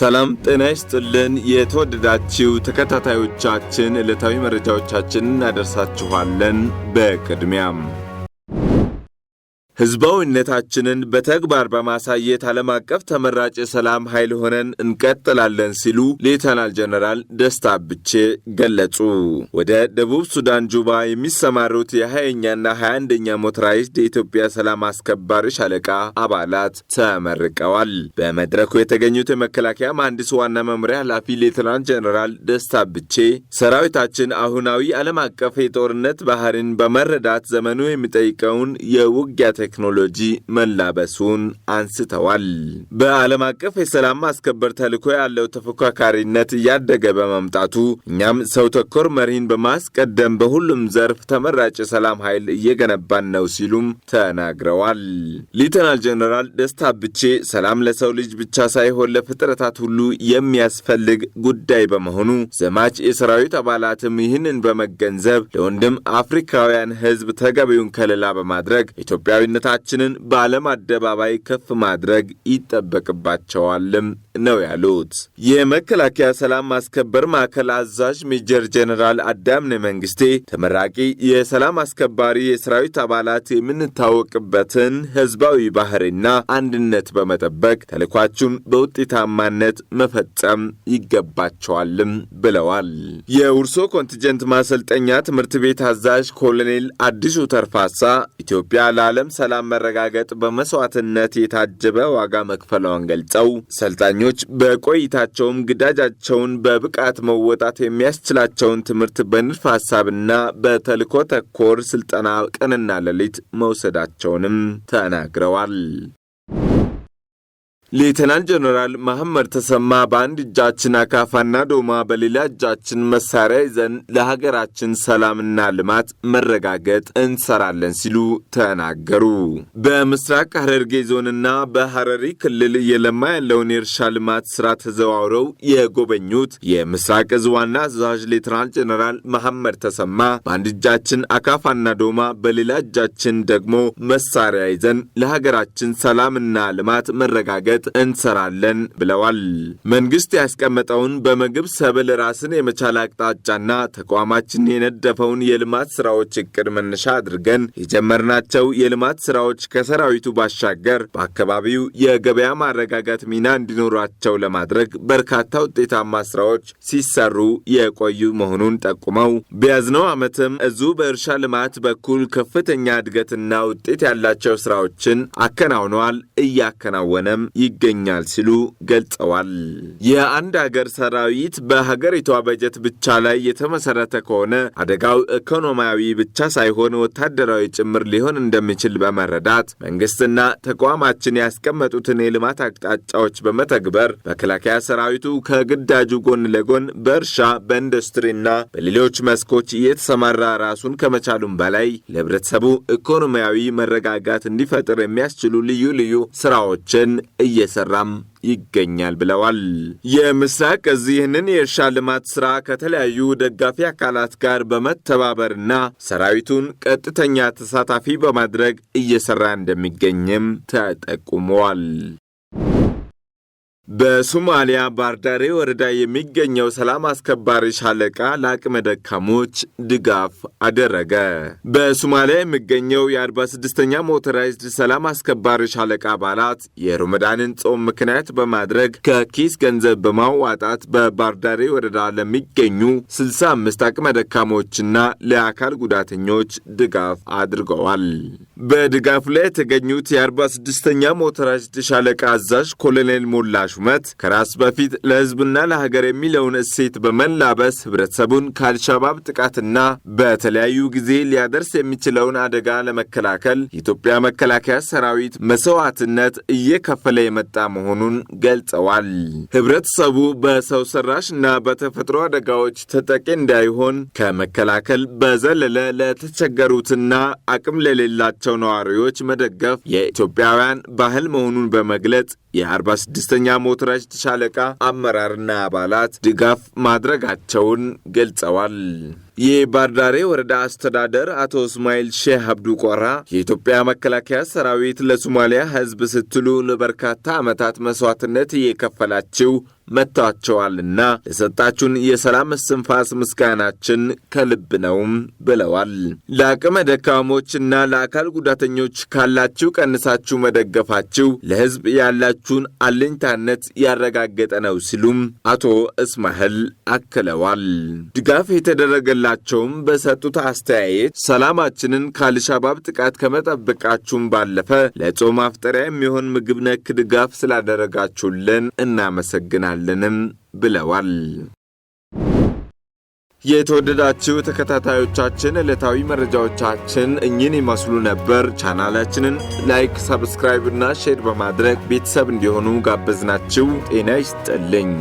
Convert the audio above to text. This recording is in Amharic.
ሰላም ጤና ይስጥልን። የተወደዳችሁ ተከታታዮቻችን ዕለታዊ መረጃዎቻችንን እናደርሳችኋለን። በቅድሚያም ህዝባዊነታችንን በተግባር በማሳየት ዓለም አቀፍ ተመራጭ የሰላም ኃይል ሆነን እንቀጥላለን ሲሉ ሌተናል ጀነራል ደስታ ብቼ ገለጹ። ወደ ደቡብ ሱዳን ጁባ የሚሰማሩት የ20ኛና 21ኛ ሞተራይዝድ የኢትዮጵያ ሰላም አስከባሪ ሻለቃ አባላት ተመርቀዋል። በመድረኩ የተገኙት የመከላከያ መሐንዲስ ዋና መምሪያ ኃላፊ ሌተናል ጀነራል ደስታ ብቼ ሰራዊታችን አሁናዊ ዓለም አቀፍ የጦርነት ባህርን በመረዳት ዘመኑ የሚጠይቀውን የውጊያ ቴክኖሎጂ መላበሱን አንስተዋል። በዓለም አቀፍ የሰላም ማስከበር ተልዕኮ ያለው ተፎካካሪነት እያደገ በመምጣቱ እኛም ሰው ተኮር መሪን በማስቀደም በሁሉም ዘርፍ ተመራጭ የሰላም ኃይል እየገነባን ነው ሲሉም ተናግረዋል። ሌተናል ጀኔራል ደስታ ብቼ ሰላም ለሰው ልጅ ብቻ ሳይሆን ለፍጥረታት ሁሉ የሚያስፈልግ ጉዳይ በመሆኑ ዘማች የሰራዊት አባላትም ይህንን በመገንዘብ ለወንድም አፍሪካውያን ሕዝብ ተገቢውን ከለላ በማድረግ ኢትዮጵያዊነት ነጻነታችንን በዓለም አደባባይ ከፍ ማድረግ ይጠበቅባቸዋልም። ነው ያሉት። የመከላከያ ሰላም ማስከበር ማዕከል አዛዥ ሜጀር ጀነራል አዳምነ መንግስቴ ተመራቂ የሰላም አስከባሪ የሰራዊት አባላት የምንታወቅበትን ህዝባዊ ባህሪና አንድነት በመጠበቅ ተልኳችሁን በውጤታማነት መፈጸም ይገባቸዋልም ብለዋል። የውርሶ ኮንቲንጀንት ማሰልጠኛ ትምህርት ቤት አዛዥ ኮሎኔል አዲሱ ተርፋሳ ኢትዮጵያ ለዓለም ሰላም መረጋገጥ በመስዋዕትነት የታጀበ ዋጋ መክፈለዋን ገልጸው ሰልጣኞ ሰልጣኞች በቆይታቸውም ግዳጃቸውን በብቃት መወጣት የሚያስችላቸውን ትምህርት በንድፈ ሀሳብና በተልዕኮ ተኮር ስልጠና ቀንና ሌሊት መውሰዳቸውንም ተናግረዋል። ሌተናል ጀነራል መሐመድ ተሰማ በአንድ እጃችን አካፋና ዶማ በሌላ እጃችን መሳሪያ ይዘን ለሀገራችን ሰላምና ልማት መረጋገጥ እንሰራለን ሲሉ ተናገሩ። በምስራቅ ሐረርጌ ዞንና በሐረሪ ክልል እየለማ ያለውን የእርሻ ልማት ስራ ተዘዋውረው የጎበኙት የምስራቅ እዝ ዋና አዛዥ ሌተናል ጀነራል መሐመድ ተሰማ በአንድ እጃችን አካፋና ዶማ በሌላ እጃችን ደግሞ መሳሪያ ይዘን ለሀገራችን ሰላምና ልማት መረጋገጥ ለማረጋገጥ እንሰራለን ብለዋል። መንግስት ያስቀመጠውን በምግብ ሰብል ራስን የመቻል አቅጣጫና ተቋማችን የነደፈውን የልማት ስራዎች እቅድ መነሻ አድርገን የጀመርናቸው የልማት ስራዎች ከሰራዊቱ ባሻገር በአካባቢው የገበያ ማረጋጋት ሚና እንዲኖራቸው ለማድረግ በርካታ ውጤታማ ስራዎች ሲሰሩ የቆዩ መሆኑን ጠቁመው በያዝነው ዓመትም እዙ በእርሻ ልማት በኩል ከፍተኛ እድገትና ውጤት ያላቸው ስራዎችን አከናውነዋል፣ እያከናወነም ይገኛል ሲሉ ገልጸዋል። የአንድ ሀገር ሰራዊት በሀገሪቷ በጀት ብቻ ላይ የተመሰረተ ከሆነ አደጋው ኢኮኖሚያዊ ብቻ ሳይሆን ወታደራዊ ጭምር ሊሆን እንደሚችል በመረዳት መንግስትና ተቋማችን ያስቀመጡትን የልማት አቅጣጫዎች በመተግበር መከላከያ ሰራዊቱ ከግዳጁ ጎን ለጎን በእርሻ በኢንዱስትሪና በሌሎች መስኮች እየተሰማራ ራሱን ከመቻሉም በላይ ለህብረተሰቡ ኢኮኖሚያዊ መረጋጋት እንዲፈጥር የሚያስችሉ ልዩ ልዩ ስራዎችን እየ እየሰራም ይገኛል ብለዋል። የምስራቅ እዝ ይህንን የእርሻ ልማት ስራ ከተለያዩ ደጋፊ አካላት ጋር በመተባበርና ሰራዊቱን ቀጥተኛ ተሳታፊ በማድረግ እየሰራ እንደሚገኝም ተጠቁመዋል። በሶማሊያ ባርዳሬ ወረዳ የሚገኘው ሰላም አስከባሪ ሻለቃ ለአቅመ ደካሞች ድጋፍ አደረገ። በሶማሊያ የሚገኘው የ46ኛ ሞተራይዝድ ሰላም አስከባሪ ሻለቃ አባላት የሮመዳንን ጾም ምክንያት በማድረግ ከኪስ ገንዘብ በማዋጣት በባርዳሬ ወረዳ ለሚገኙ 65 አቅመ ደካሞችና ለአካል ጉዳተኞች ድጋፍ አድርገዋል። በድጋፉ ላይ የተገኙት የ 46 ተኛ ሞተራይዝድ ሻለቃ አዛዥ ኮሎኔል ሞላ ሹመት ከራስ በፊት ለህዝብና ለሀገር የሚለውን እሴት በመላበስ ህብረተሰቡን ከአልሻባብ ጥቃትና በተለያዩ ጊዜ ሊያደርስ የሚችለውን አደጋ ለመከላከል የኢትዮጵያ መከላከያ ሰራዊት መሰዋዕትነት እየከፈለ የመጣ መሆኑን ገልጸዋል። ህብረተሰቡ በሰው ሰራሽ ና በተፈጥሮ አደጋዎች ተጠቂ እንዳይሆን ከመከላከል በዘለለ ለተቸገሩትና አቅም ለሌላቸው ያላቸው ነዋሪዎች መደገፍ የኢትዮጵያውያን ባህል መሆኑን በመግለጽ የ46ኛ ሞተራጅ ሻለቃ አመራርና አባላት ድጋፍ ማድረጋቸውን ገልጸዋል። ዳሬ ወረዳ አስተዳደር አቶ እስማኤል ሼህ አብዱ ቆራ የኢትዮጵያ መከላከያ ሰራዊት ለሶማሊያ ሕዝብ ስትሉ ለበርካታ ዓመታት መስዋዕትነት እየከፈላችው መጥታችኋልና ለሰጣችሁን የሰላም እስትንፋስ ምስጋናችን ከልብ ነውም ብለዋል። ለአቅመ ደካሞችና ለአካል ጉዳተኞች ካላችሁ ቀንሳችሁ መደገፋችሁ ለሕዝብ ያላችሁን አለኝታነት ያረጋገጠ ነው ሲሉም አቶ እስማኤል አክለዋል። ድጋፍ የተደረገላ ለሁላቸውም በሰጡት አስተያየት ሰላማችንን ከአልሻባብ ጥቃት ከመጠበቃችሁም ባለፈ ለጾም ማፍጠሪያ የሚሆን ምግብ ነክ ድጋፍ ስላደረጋችሁልን እናመሰግናለንም ብለዋል። የተወደዳችሁ ተከታታዮቻችን ዕለታዊ መረጃዎቻችን እኚህን ይመስሉ ነበር። ቻናላችንን ላይክ፣ ሰብስክራይብ እና ሼር በማድረግ ቤተሰብ እንዲሆኑ ጋበዝናችሁ። ጤና ይስጥልኝ።